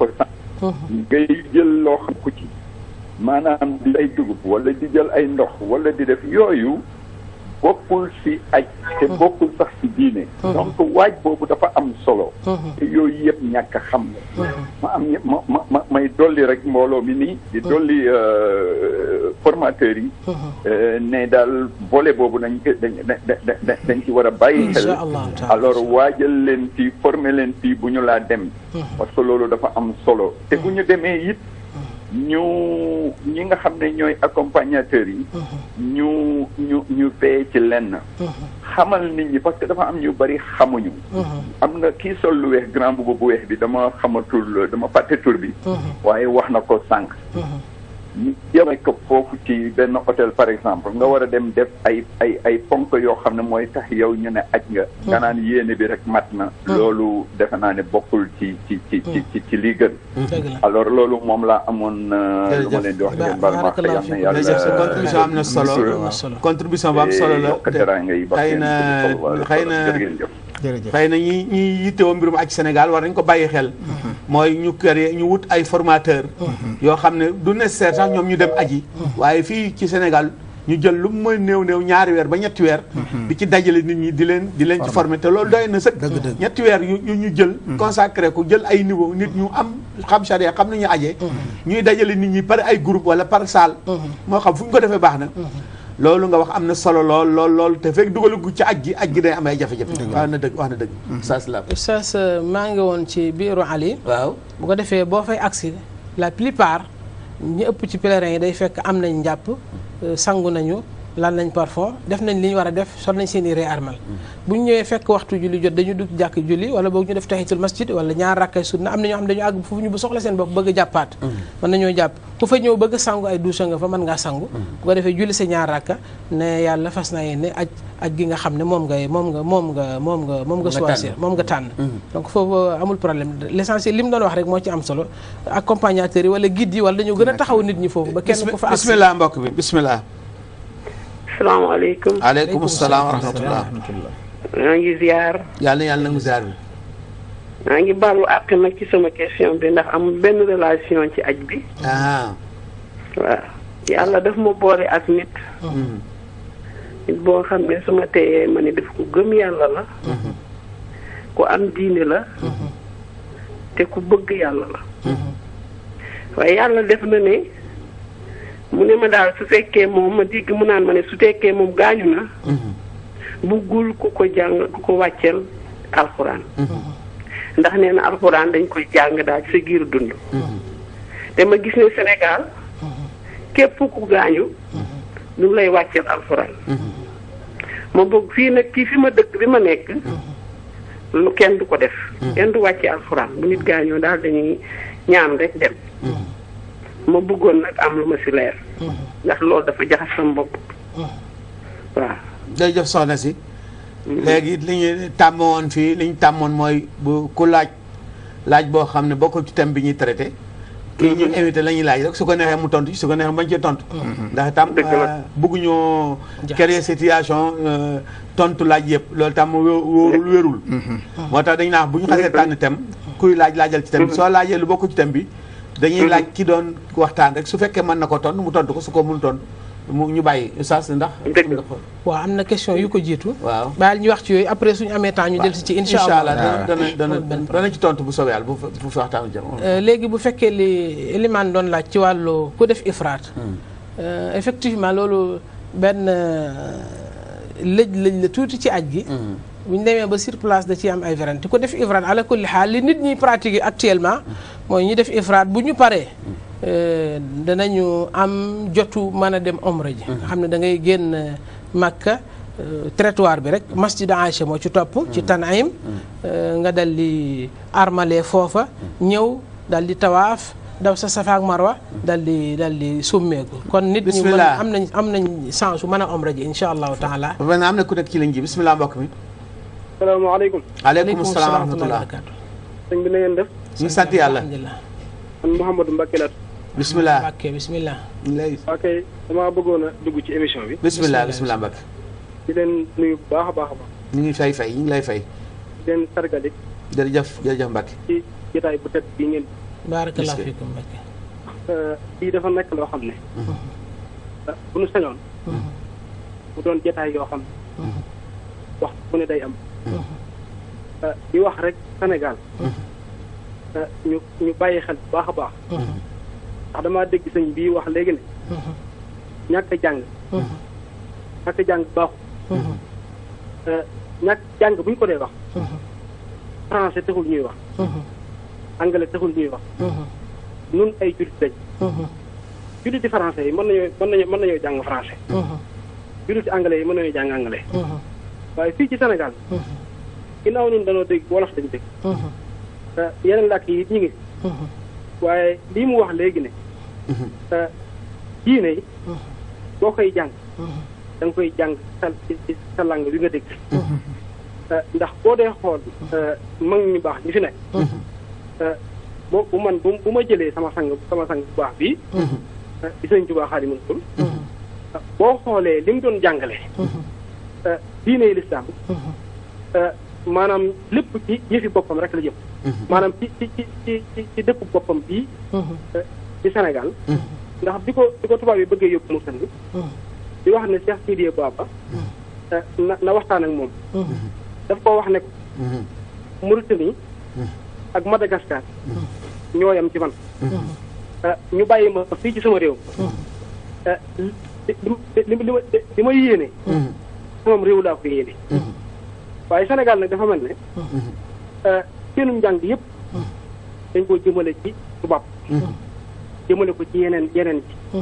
ko sax. Mhm. ngay jël loo xam ko ci maanaam di ay dugub wala di jël ay ndox wala di def yooyu. bokkul si aj te mm-hmm. bokkul sax si diine mm-hmm. donc waaj boobu dafa am solo mm-hmm. te yooyu yëpp ñakk a xam la ma am ma ma ma may dolli rek mbooloo mi nii di dolli euh, formateurs yi euh, ne daal volet boobu dañ ko dañ dañ dañ ci war a bàyyi xel alors waajal leen fii former leen fii bu ñu laa dem parce que loolu dafa am solo te bu ñu demee it ñu ñi nga xam ne ñooy accompagnateurs yi. Uh-huh. ñu ñu ñu fee ci lenn. Uh-huh. xamal nit ñi parce que dafa am ñu bari xamuñu. Uh-huh. am na ki sol lu weex grand boubou bu weex bi dama xamatul dama fàtte tur bi. waaye wax na ko sànq. ñu jëme ko foofu ci benn hôtel par exemple nga war a dem def ay ay ay ponk yoo xam ne mooy tax yow ñu ne aj nga mm. nga naan yéene bi rek mat na mm. loolu defe naa ne bokkul ci ci ci ci mm. ci lii gën alors loolu moom laa amoon euh, lu ma leen di wax ngeen bal ma yal na yàlla contribution am na solo contribution bu am solo la xëy na xëy na jërëjëf xëy na ñi ñi yittewoo mbirum ak Sénégal war nañ ko bàyyi xel mhm. mooy ñu créer ñu wut ay formateur mhm. yoo xam ne du nécessaire sax ñoom ñu dem aji mhm. waaye fii ci Sénégal ñu jël lu mooy néew néew ñaari weer ba ñetti weer di ci dajale nit ñi di leen di leen ci former te loolu doy na sëkk ñetti weer yu ñu jël consacré ko jël ay niveau nit ñu am xam charia xam nañu aje ñuy dajale nit ñi par ay groupe wala par salle moo xam fu ñu ko defee baax na loolu nga wax am na solo lool lool lool te fekk dugalagu ci aj gi aj gi am ay jafe-jafe. wax na dëgg wax na dëgg. Mhm. oustaz la euh, oustaz maa ngi woon ci biiru Ali. waaw bu ko defee boo fay agsi la plupart ñu ëpp ci pèlerin yi day fekk am nañ njàpp euh, sangu nañu. lan nañ parfois def nañ liñ wara def sol nañ seen i armal bu ñu ñëwee fekk waxtu julli jot dañu dugg jakk julli wala boog ñu def tahiyatul masjid wala ñaar rakkay sunna amna na ñoo xam dañu ag fu ñu bu soxla seen bopp bëgg a man nañu japp ku fa ñëw bëgg sangu ay douche nga fa man nga sangu bu mm-hmm. ko defé julli sa ñaar rakka né yalla fas naa aj aj gi nga xam ne nga mom nga mom nga mom nga mom nga choisir mom nga tan mm-hmm. donc foofu amul problème l'essentiel lim doon wax rek mo ci am solo accompagnateur wala guide yi wala dañu gëna taxaw nit ñi fofu ba kenn ku fa bismillah mbokk bi bismillah asalaamaaleykum. waaleykum salaam wa rahmatulah. ngi ziar. yàlla yàlla na mu ziar bi. maa ngi baalu àq nag ci sama question bi ndax amul benn relation ci aj bi. Ah. waaw yàlla daf ma boole ak nit. Hmm. nit boo xam ne su ma teeyee ma ne daf ko gëm yàlla la. Hmm. ku am diine la. Hmm. te ku bëgg yàlla la. waaye yàlla def na ne. mu ne ma daal su fekkee moom ma digg mu naan ma ne su fekkee moom gaañu na. Mhm. buggul ku ko jàng ku ko wàcceel alxuraan. Mhm. ndax nee na alxuraan dañ koy jàng daal ci sa giir dund. Mhm. te ma gis ne Sénégal képp ku gaañu. ñu ngi lay wàcceel alxuraan. ma bëgg fii nag ci fi ma dëkk bi ma nekk. lu kenn du ko def. kenn du wàcce alxuraan bu nit gaañoo daal dañuy ñaan rek dem. ma bëggoon nag am lu ma si leer. Mm-hmm. ndax loolu dafa jaxas sama bopp. day mm-hmm. jëf soxna si. Mm-hmm. léegi li ñu tàmmoon fii li ñu tàmmoon mooy bu ku laaj laaj boo xam ne bokkul ci thème bi ñu traité. kii ñu invité la ñuy laaj rek su ko neexee mu tontu su ko neexee bañ cee tontu. ndax tam euh, bëgguñoo. créer situation euh, tontu laaj yëpp loolu tam wóorul wérul. moo tax dañu naan bu ñu xasee tànn thème. kuy laaj laajal ci thème bi soo laajee lu bokkul ci thème bi. dañuy laaj ki doon waxtaan rek su fekkee mën na ko ton mu tontu ko su ko mun ton mu ñu bàyyi oustaz ndax. waaw am na question yu ko jiitu. waaw baal ñu wax ci yooyu après suñu amee temps ñu jël si ci. incha allah dana dana ah. dana ci tontu bu soobee yàlla bu bu fa waxtaanu jëm. Euh, léegi bu fekkee li limaan doon laaj ci wàllu ku def ifraat. Hmm. Euh, effectivement loolu benn lëj-lëj euh, la tuuti ci aj gi. Hmm. bu ñu demee ba sur place da ciy am ay werante ku def ifraat ala kulli xaal li nit ñi pratiquer actuellement. Hmm. mooy ñi def ifraat bu ñu paree euh, danañu am jotu man a dem omra ji mm-hmm. xam ne da ngay génn Makka euh, trottoir bi rek masjid Aïcha moo ci topp ci mm-hmm. Tan'im mm-hmm. euh, nga dal di armale foofa ñëw dal di tawaaf daw sa Safa ak Marwa dal di dal di summeeku kon nit ñi mën am nañ am nañ chance mën a omra ji insha allahu taala na am na ku nekk ci lañ ji bismillah mbokk mi salaamaaleykum aleykum salaam wa rahmatullah sëñ bi na ngeen def ñu ngi sant yàlla. man Mouhamadou Mbacke la. bisimilah Mbacke bisimilah. ok damaa bëggoon dugg ci émission bi. bisimilah bisimilah Mbacke. di leen nuyu baax a baax a baax. ñu ngi fay fay ñu ngi lay fay. di leen sargal it. jërëjëf jërëjëf Mbacke. ci jotaay bu tedd bi ngeen. barakallah fiikum Mbacke. Euh, lii dafa nakk loo xam ne. Mm-hmm. Euh, bu nu sañoon. Mm-hmm. bu doon jotaay yoo xam ne. Mm-hmm. wax bu ne day am. Euh, di wax rek Sénégal. ñu ñu bàyyi xel bu baax a baax. Mm-hmm. ndax damaa dégg sëñ bii wax léegi ne. Mm-hmm. ñàkk a jàng. Mm-hmm. ñàkk jàng baaxul. ñàkk bu ñu ko dee wax. français taxul ñuy wax. anglais taxul ñuy wax. nun ay jullit lañ. julliti français yi mën nañoo mën nañoo mën nañoo jàng français. julliti anglais yi mën nañoo jàng anglais. waaye fii ci Sénégal. ginnaaw ñun dañoo dégg wolof dañ dégg. yeneen làkk yi ñu ngi mhm. waaye lii mu wax léegi ne mhm. diine yi mhm. boo koy jàng da koy jàng sa ci bi nga dégg ndax boo dee xool mag ñu baax ñu fi nekk boo bu man bu ma jëlee sama sang sama sang bu baax bii di sëñ Tuubaa Xaadimu Rasuul boo xoolee li mu doon jàngale diine yi lislaam maanaam lépp ci yëfi boppam rek la jëm. Mhm. maanaam ci ci ci ci ci boppam bii. Mhm. ci Sénégal. Mhm. ndax bi ko bi ko tubaab yi bëggee yóbbu mu sënd. di wax ne Cheikh Sidiye Baba. na na waxtaan ak moom. daf koo wax ne ko. Mauritanie ak Madagascar. ñoo yam ci man. ñu bàyyi ma fii ci sama réew. li li li ma yéene. sama réew laa ko yéene. waaye Sénégal nag dafa mel ne. Mm-hmm. Euh, seenum njàng yëpp. Mm-hmm. dañ koo jëmale ci tubaab. Mm-hmm. jëmale ko ci yeneen yeneen ci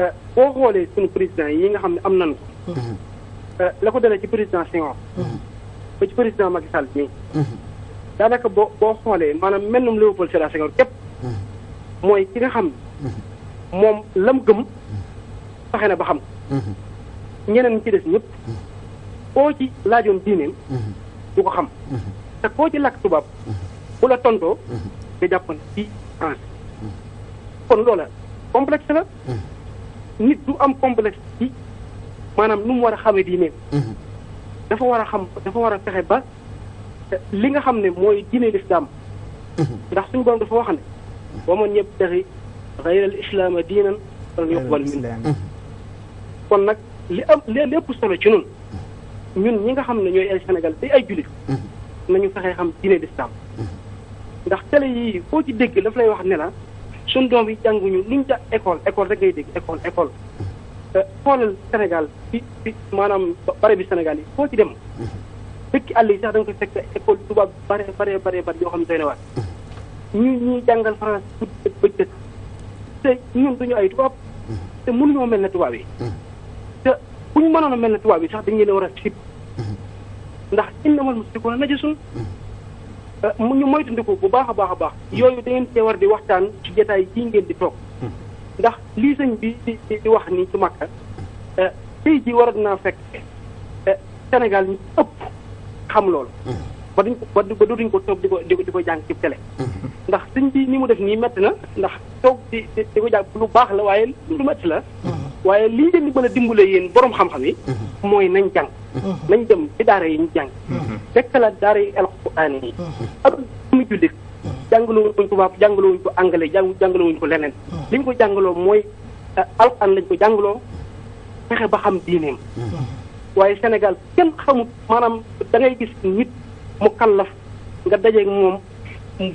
euh, boo xoolee suñu président yi nga xam ne am nan ko. Euh, la ko dalee ci président Senghor. ba ci président Macky Sall daanaka boo boo xoolee maanaam mel num Léopold Sédar Senghor képp. mooy ki nga xam moom lam gëm fexe na ba xam. ñeneen ñi ci des ñëpp. koo ci laajoon diineem mhm. du ko xam mhm. te koo ci làkk tubaab mhm. bu la tontoo nga jàppoon ci France kon loola complex la nit du am complexe ci maanaam nu war a xamee diineem dafa war a xam dafa war a pexe ba li nga xam ne mooy diine lislaam ndax suñu borom dafa wax ne wa man yabtaxi xayral islaama diinan falan yuqbal min kon nag li am lépp solo ci nun ñun ñi nga xam ne ñooy ay Sénégal tey ay jullit mhm. nañu fexee xam de lislaam mhm. ndax télé yii foo ci dégg daf lay wax ne la suñ doom yi jànguñu luñ ja école école rek ngay dégg école école mhm. euh, xoolal Sénégal maanaam bare bi Sénégal yi foo ci dem dëkk àll yi sax da nga koy école tubaab bare bare bare bare yoo xam ne doy na waar ñu ñuy jàngal France guddi bëccëg te ñun duñu ay tubaab te mënuñoo mel ne tubaab yi te buñ mënoon a mel ne tubaab yi sax dañu leen war a sib ndax innamal musrikuuna najasun mu ñu moytandiku bu baax a baax a baax yooyu da te war di waxtaan ci jotaay yi ngeen di toog ndax lii sëñ bi di di wax ni ci Makka tey ji waroon naa fekk Sénégal ñu ëpp xam lool ba duñ ko ba duñ ko toog di ko di ko jàng ci télé ndax sëñ bi ni mu def nii métti na ndax toog di di ko jàng lu baax la waaye lu métti la waaye li de leen di mën a dimbale yéen borom xam-xam yi. Mhm. mooy nañ jàng. Mhm. nañ dem ci daara yi ñu jàng. Mhm. fekk la daara yi alxuraan yi. ak mu jullit. jàngaloo wuñ ko baab jàngaloo wuñ ko anglais jàngaloo wuñ leneen. liñ ko jàngaloo mooy euh, alxuraan lañ ko jàngaloo pexe ba xam diineem. waaye Sénégal kenn xamut maanaam da ngay gis nit mu kallaf nga dajeeg moom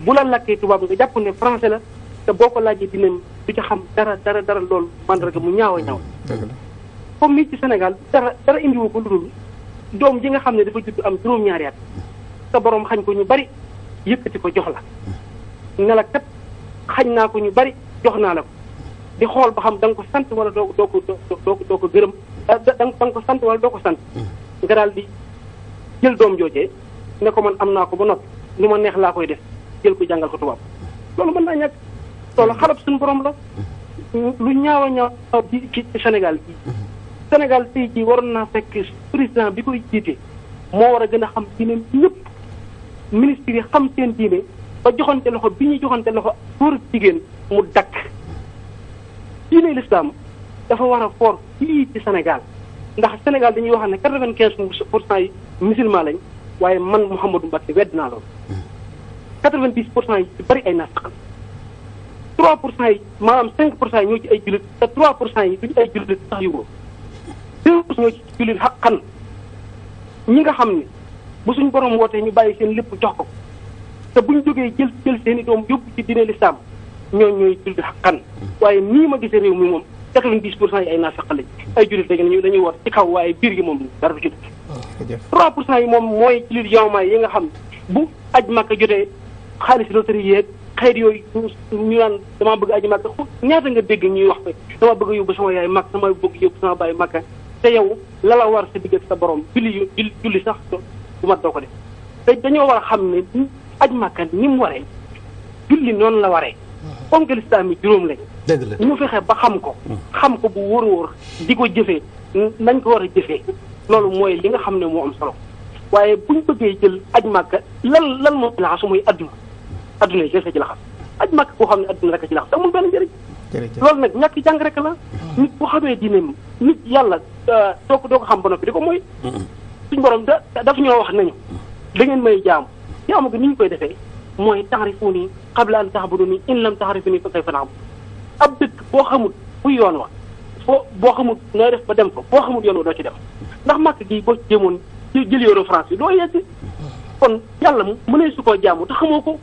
bu la lakkee tubaab nga jàpp ne français la te boo ko laaj laajee diineem. du ci xam dara dara dara man rek mu ñaaw darah ñaaw comme mi ci sénégal dara dara wu ko lool doom ji nga xam ne dafa judd am juróom ñaari at sa borom xañ ko ñu bari yëkkati ko jox la ne la kat xañ naa ko ñu bari jox naa la ko di xool ba xam da nga ko sant wala doo doo ko doo ko gërëm ah, da ko sant wala doo ko nga daal di jël doom joojee ne ko man am naa ko ba noppi lu ma neex laa koy def jël ko jàngal ko tubaab loolu mën naa ñàkk loolu xarab suñu boroom la lu ñaaw a ñaaw bi ci senegal bi Sénégal yi waroon naa fekk président bi koy jiite moo war a gën a xam diine ñëpp ministre yi xam seen diine ba joxante loxo bi ñuy joxante loxo góor jigéen mu dakk diine lislaam dafa war a fort fii ci Sénégal ndax senegal dañuy wax ne quatre-vingt-quinze pour cent yi musulman lañ waaye man Mouhamadou Mbacké wedd naa loolu quatre-vingt-dix pour cent yi ci bëri ay naafaq 3 pour cent yi maanaam 5 pour cent yi ñoo ci ay jullit te 3 pour cent yi duñ ay jullit sax yu ko 2 pour cent ñoo ci ñi nga xam ne bu suñ borom wootee ñu bàyyi seen lépp jox ko te buñ jógee jël jël seen i doom yóbbu ci diine lislaam ñooñu ñooy jullit xaqan waaye nii ma gisee réew mi moom 90 pour cent yi ay naafeq lañ ay jullit lañ ñu dañuy war ci kaw waaye biir gi moom dara du ci def ah, pour cent yi moom mooy jullit yawma yi nga xam bu aj Makka jotee xaalis loterie yeeg xeet yooyu ñu naan damaa bëgg aji màkka ñaata nga dégg ñuy wax ko dama bëgg yóbbu sama yaay màkk sama bëgg yóbbu sama baay màkka te yow la la war sa digg sa borom julli julli sax du mat doo ko def te dañoo war a xam ne aj màkka ni mu waree julli noonu la waree mhm. ponk lislaam yi juróom lañ dëgg ñu fexee ba xam ko mhm. xam ko bu wóor wóor di ko jëfee nañ ko war a jëfee loolu mooy li nga xam ne moo am solo waaye buñ bëggee jël aj màkka lan lan moo laa su muy adduna adduna yi kese ci la xam aj màkk xam ne adduna rek ci la xam te amul benn njëriñ loolu nag ñàkk jàng rek la mm-hmm. nit bu xamee diine nit yàlla euh, doo ko doo xam ba noppi di ko mooy mm-hmm. suñu borom da daf ñoo wax nañu mm-hmm. da ngeen may jaam jaamu gi ni ñu koy defee mooy taxarifuuni qabla an taxbuduni in lam taxarifuuni fa kayfa naxbu ab dëkk boo xamul fu yoon wa foo boo xamul nooy def ba dem ko boo xamul yoon wa doo ci dem ndax màkk gi boo ci jéemoon jël yoonu France bi doo yegg kon yàlla mu mënee ko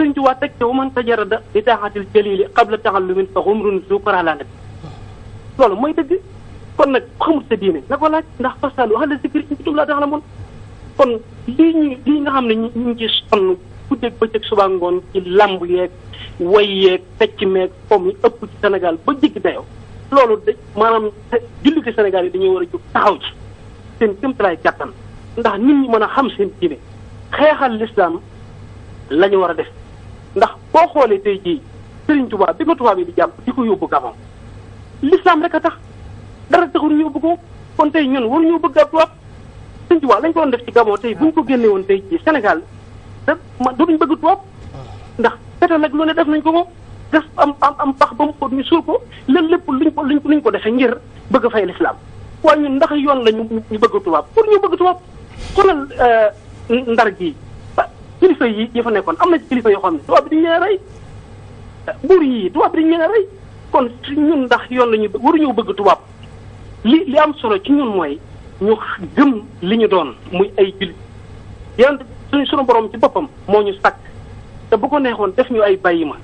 sëñ waa teg te waman tajarada li taaxatil jalili qabla taxallumin fa xumrun sukara la nabi loolu kon nag xamul sa diine na ko laaj ndax fasalu ahla zikri in kuntum laa ta'lamuun kon lii ñu lii nga xam ne ñu ngi ci sonn guddeeg bëccëg suba ngoon ci lamb yeeg way yeeg fecc meeg fomm yi ëpp ci Sénégal ba jéggi dayoo loolu de maanaam julliti Sénégal yi dañuy war a jóg taxaw ci seen kéemtalaay kàttan ndax nit ñi mën a xam seen diine xeexal lislaam la ñu war a def boo xoolee tey jii Serigne Touba bi ko tubaab yi di jàpp di ko yóbbu Gabon l'islam rek a tax dara taxul ñu yóbbu ko kon tey ñun waruñu bëgg ab tubaab Serigne Touba lañ ko doon def ci Gabon tey buñ ko génne woon tey jii Sénégal da ma dootuñ bëgg tubaab ndax fetal nag lu ne def nañ ko ko def am am am pax ba mu xóot ñu suul ko lan lépp luñ ko luñ luñ ko defee ngir bëgg a fay l'islam waaye ñun ndax yoon la ñu bëgg tubaab pour ñu bëgg tubaab xoolal euh, ndar gii kilifa yi yi fa nekkoon am na kilifa yoo xam ne tubaab bi dañu leen rey buur yi tubaab bi dañu leen rey kon ñun ndax yoon la ñu waruñoo bëgg tubaab li li am solo ci ñun mooy ñu li ñu doon muy ay jullit yan suñu sunu borom ci boppam moo ñu sàkk te bu neexoon def ñu ay bàyyi ma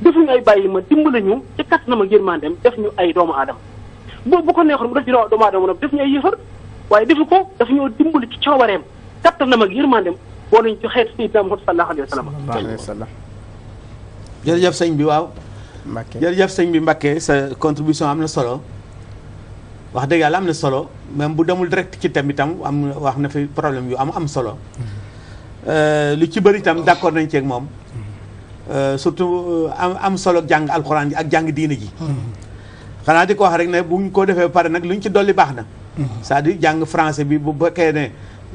def ñu ay bàyyi ma dimbale ñu ci kattanam ak yërmandeem def ñu ay doomu aadama bu bu ko neexoon mu def ñu def ñu ay yëfar waaye defu ko daf ñoo dimbali ci coobareem kattanam ak yërmandeem boo nañ ci xeetu Seydina Muhammad sallallahu alayhi wa sallam. sëñ bi waaw. Mbacké jërëjëf sëñ bi Mbacké sa contribution am na solo. wax dëgg yàlla am na solo même bu demul direct ci thème itam am wax na fi problème yu am am solo. Euh, lu ci bëri tam d'accord nañ ceeg moom. Euh, surtout euh, am am solo jàng alxuraan ji ak jàng diine ji. xanaa di ko wax rek ne buñ ko defee pare nag ñu ci dolli baax na. Mm-hmm. c'est-à-dire jàng français bi bu fekkee ne.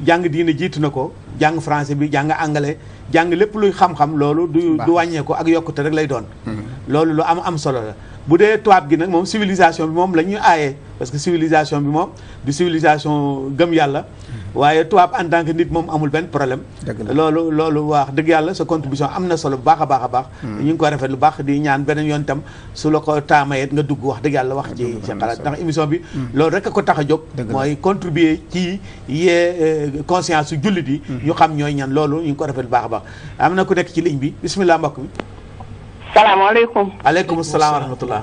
jàng diine jiitu na ko jàng francais bi jàng anglais jàng lépp luy xam-xam loolu du du wàññeeku ak yokkute rek lay doon mhm. loolu lu am am solo la bu dee tubaab gi nag moom civilisation bi moom la ñuy aayee parce que civilisation bi moom du civilisation gëm yàlla waye tubaab en tant que nit mom amul ben problème lolu lolu wax deug yalla sa contribution amna solo baxa baxa bax hmm. ñu ngi ko rafet lu bax di ñaan benen yoon itam su lako ko nga dugg wax deug yalla wax ci ci xalat tax émission bi hmm. lolu rek ko taxa jog moy contribuer ci yee euh, conscience su hmm. ñu xam ñoy ñan lolu ñu ko rafet baxa bax amna ku nek ci ligne bi bismillah mbokk mi alaykum alaykum assalam wa rahmatullah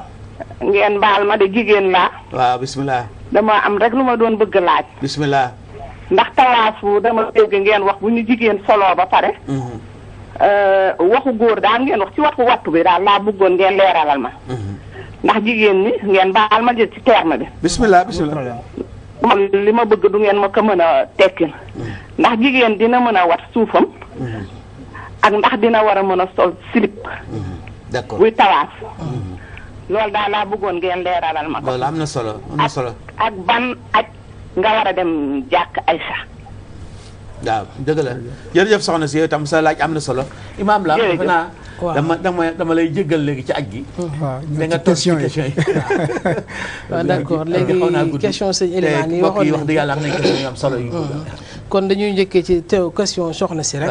ngeen baal ma de jigen la wa bismillah dama am rek luma doon bëgg laaj bismillah ndax kalaasu dama dégg ngeen wax bu ñu jigéen soloo ba pare mhm. euh, waxu góor daal ngeen wax ci waxu wattu bi daal laa bëggoon ngeen leeralal ma mhm. ndax jigéen ni ngeen baal ma jël ci terme bi bismillah bismillah man li ma bëgg du ngeen ma ko mën a tekkil mhm. ndax jigéen dina mën a wat suufam ak ndax dina war a mën a sol slip d'accord buy tawaas loolu daal laa bëggoon ngeen leeralal ma ko solo am solo ak ban ak nga war a dem jàkk ay sax waaw jërëjëf soxna si yow tam sa laaj am na solo imaam la defe naa dama lay jëggal léegi ci aj gi da nga toog ci question yi waaw d'accord léegi question sëñ Elimane yi wax dëgg yàlla am nañ question yu am solo yu mm. kon dañuy njëkkee ci teew question soxna si rek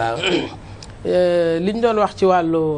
euh, li doon wax ci wàllu